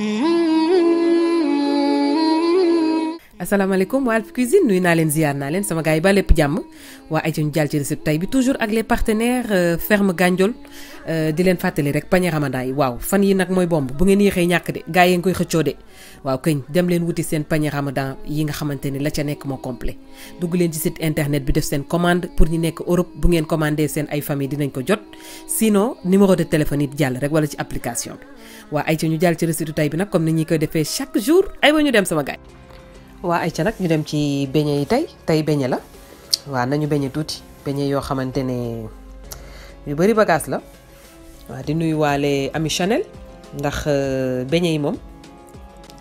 Mm-hmm. asalaamaaleykum waa Alphie Cuisine leen ziar naa leen sama gars ba lépp jàmm waa ay ñu jàll ci recette tey bi toujours ak les partenaires euh, ferme Gandiol euh, di leen fàttali rek panier ramadan yi waaw fan yi nag mooy bomb bu ngeen yéexee ñàkk de gars yi ngi koy xëccoo de waaw këñ seen panier ramadan yi nga xamante ni la ca nekk moo complet dugg leen ci site internet bi def seen commande pour ñi nekk Europe bu ngeen commandé seen ay famille dinañ ko jot sinon numéro de téléphone it jàll rek wala ci application bi waaw ay ñu jàll ci recette tey bi nag comme ni ñu koy defee chaque jour ay wa ñu dem sama gars waa ayca nag ñu dem ci beñe yi tey tey beñe la waa nañu beñe tuuti beñe yoo xamante ne yu bari bagage la waa di nuyuwaale waale ami Chanel ndax euh, beñe yi moom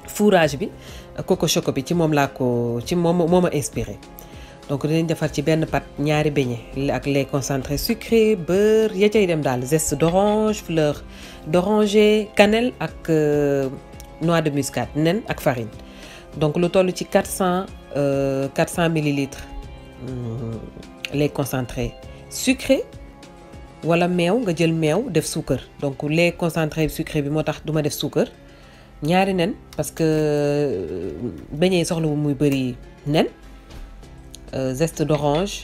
fourrage bi coco choco bi ci moom laa ko ci moom moo inspiré donc dinañ defar ci benn pat ñaari beñe ak lait concentré sucré beurre ya cay dem daal zeste d'orange fleur d'oranger cannelle ak euh, noix de muscade nen ak farine donc lu toll ci quatre cent euh, quatre cent millilitres euh, lait concentré sucré wala meew nga jël meew def suukar donc lait concentré sucré bi moo tax du ma def suukar ñaari nen parce que euh, beñee soxla bu muy bëri nen zeste d'orange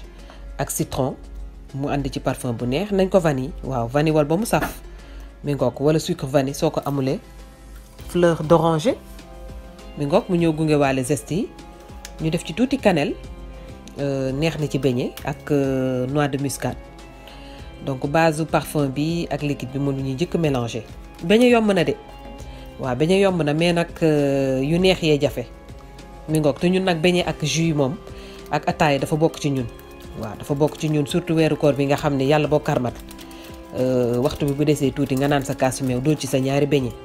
ak citron mu ànd ci parfum bu neex nañ ko vanille waaw vanille wall ba mu saf mi ngook wala sucre vanille soo ko amulee fleur d'oranger mi ngoog mu ñëw gunge waale zeste ñu def ci tuuti cannelle euh, neex na ci beignet ak euh, noix de muscade donc base du parfum bi ak liquide bi moom la ñuy njëkk mélanger beignet yomb na de waaw beignet yomb na mais nag euh, yu neex yee jafe mi ngoog te ñun nag beignet ak jus moom ak ataaya dafa bokk ci ñun waaw dafa bokk ci ñun surtout weeru koor bi nga xam ne yàlla boo karmat waxtu bi bu desee tuuti nga naan sa kaasu meew dóor ci sa ñaari beignet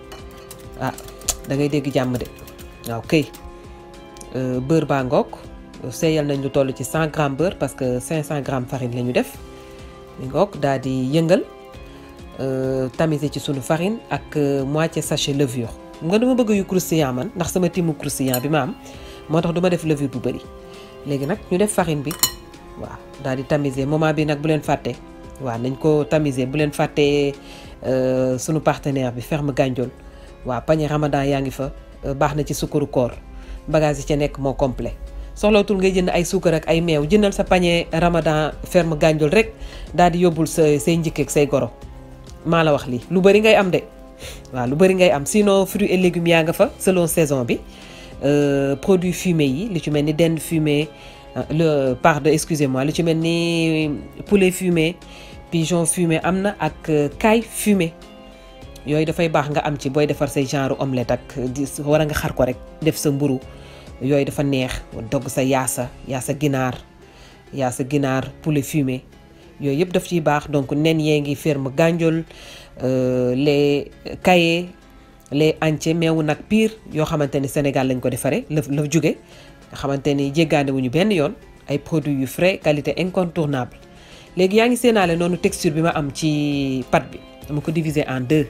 ah da ngay dégg jàmm de waaw këy euh, beurre baa ngoog seyal nañ lu toll ci 100 grammes beurre parce que cinq grammes farine la ñu def ngoog daal di yëngal euh, tamiser ci sunu farine ak mois euh, moitié sachet levure nga dama bëgg yu croustillant man ndax sama timu croustillant bi ma am moo tax du ma def levure bu bëri léegi nag ñu def farine bi waa daal di tamiser moment bi nag bu leen fàtte waa nañ ko tamiser bu leen fàtte sunu partenaire bi ferme Gandiol waaw panier Ramadan yaa ngi fa Euh, baax na ci sukkaru koor bagage yi ca nekk moo complet soxlootul ngay jënd ay suukar ak ay meew jëndal sa pañe ramadan ferme gànjol rek daal di yóbbul sa say njikkeek ak say goro maa la wax lii lu bëri ngay am de waaw lu bëri ngay am sinon fruits et légumes yaa nga fa selon saison bi euh, produits fumés yi lu ci mel ni dinde fumé euh, le pardon excusez-moi lu ci mel ni poulet fume pigeon fumé am na ak caille fumé yooyu dafay baax nga am ci booy defar say genre omelette ak di war a nga xar ko rek def sa mburu yooyu dafa neex dogg sa yaasa yaasa ginaar yaasa ginaar poulet fumé yooyu yëpp daf ci baax donc nen yee ngi ferme gànjol euh, les caillé les entiers meewu nag piir yoo xamante ni Sénégal lañ ko defaree la la jóge nga xamante ni jéggaane wuñu benn yoon ay produits yu frais qualité incontournable léegi yaa ngi seenaale noonu texture bi ma am ci pâte bi ma ko diviser en deux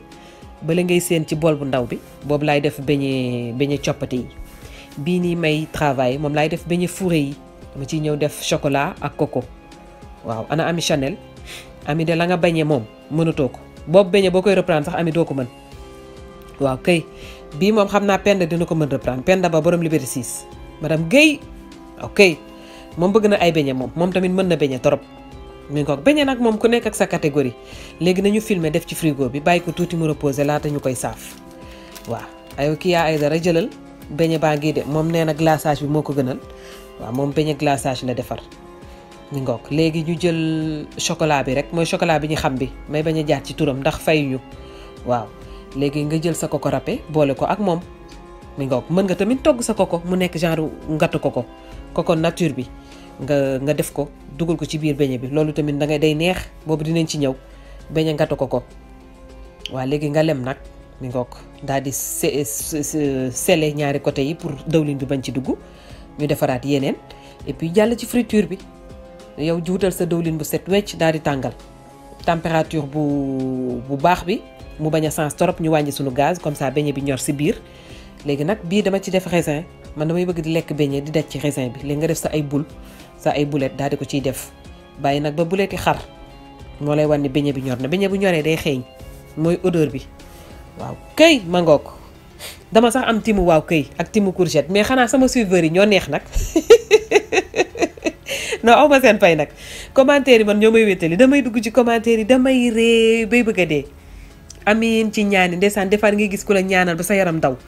bala ngay séen ci bool bu ndaw bi boobu laay def beñe beñe coppate yi bii nii may travail moom laay def beñe fourré yi dama ciy ñëw def chocolat ak coco waaw ana ami Chanel ami de la nga bañe moom mënatoo ko boobu beñe boo koy reprendre sax ami doo ko mën waaw kay bii moom xam naa Penda dina ko mën reprendre Penda ba borom Liberté 6 madame Guèye ok moom bëgg na ay beñe moom moom tamit mën na beñe torop mi ngoog beñe nag moom ku nekk ak sa catégorie léegi nañu filmer def ci frigo bi bàyyi ko tuuti mu reposer laata ñu koy saaf waaw ay kii yaa ay dara jëlal beñe baa ngi de moom nee na glaçage bi moo ko gënal waaw moom beñe glaçage la defar mi ngoog léegi ñu jël chocolat bi rek mooy chocolat bi ñu xam bi may bañ a jaar ci turam ndax ñu waaw léegi nga jël sa koko râpé boole ko ak moom mingook mën nga tamit togg sa koko mu nekk genre ngatu koko koko nature bi nga nga def ko dugal ko ci biir beñe bi loolu tamit da ngay day neex boobu dinañ ci ñëw beñe ngatu ko ko waa léegi nga lem nag mi ngoog daal di sele ñaari côté yi pour dawlin bi bañ ci dugg ñu defaraat yeneen et puis jàll ci friture bi yow juutal sa dawlin bu set wecc daal di tàngal température bu bu baax bi mu bañ a sens trop ñu wàññi suñu gaz comme ça beñe bi ñor si biir léegi nag bii dama ci def raisin man damay bëgg di lekk beñe di daj ci raisin bi léegi nga def sa ay boule sa ay boulettes daal di ko ciy def bàyyi nag ba boulettes xar moo lay wan ni beñe bi ñor na beñe bu ñoree day xeeñ mooy odeur bi waaw këy mangook dama sax am timu waaw këy ak timu courgette mais xanaa sama suiveur yi ñoo neex nag non aw ma seen fay nag commentaire yi man ñoo may wéttali damay dugg ci commentaire yi damay ree bay bëgg a dee amiin ci ñaani ndeysaan defar nga gis ku la ñaanal ba sa yaram ndaw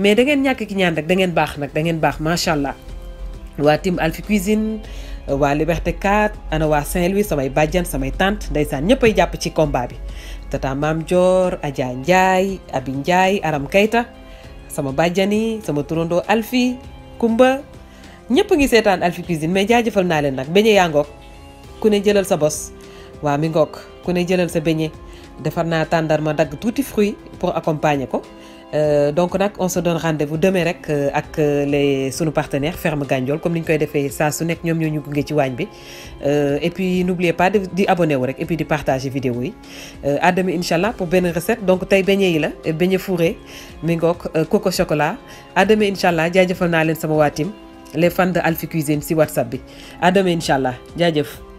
mais dangeen ñàkk ki ñaan rek da ngeen baax nag da ngeen baax macha allah. waa tiim Alphie Cuisine waa Liberté 4 ana waa Saint-Louis samay bàjjan samay tante ndeysaan ñëpp ay jàpp ci combat bi tata Maam Dior Adja Ndiaye Abi Ndiaye Aram Kayta sama bàjjan yi sama turandoo alfi Kumba ñëpp ngi seetaan Alphie Cuisine mais jaajëfal naa leen nag beñe yaa ngoog ku ne jëlal sa bos waa mi ngoog ku ne jëlal sa beñe defar naa tàndarma dagg tuuti fruit pour accompagner ko Euh, donc nag on se donne rendez bu demee rek euh, ak euh, les sunu partenaires ferme Gandiol comme ni ñu koy defee saa su nekk ñoom ñoo ñu gunge ci waañ bi et puis n'oubliez pas de di abonné wu rek et puis di partager vidéo yi à demain incha allah pour benn recette donc tey beñe yi la beñe foure mi ngoog coco chocolat à demain incha allah jaajëfal naa leen sama waatim les fans de Alphie Cuisine si WhatsApp bi à demain incha allah jaajëf.